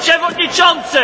Przewodniczący!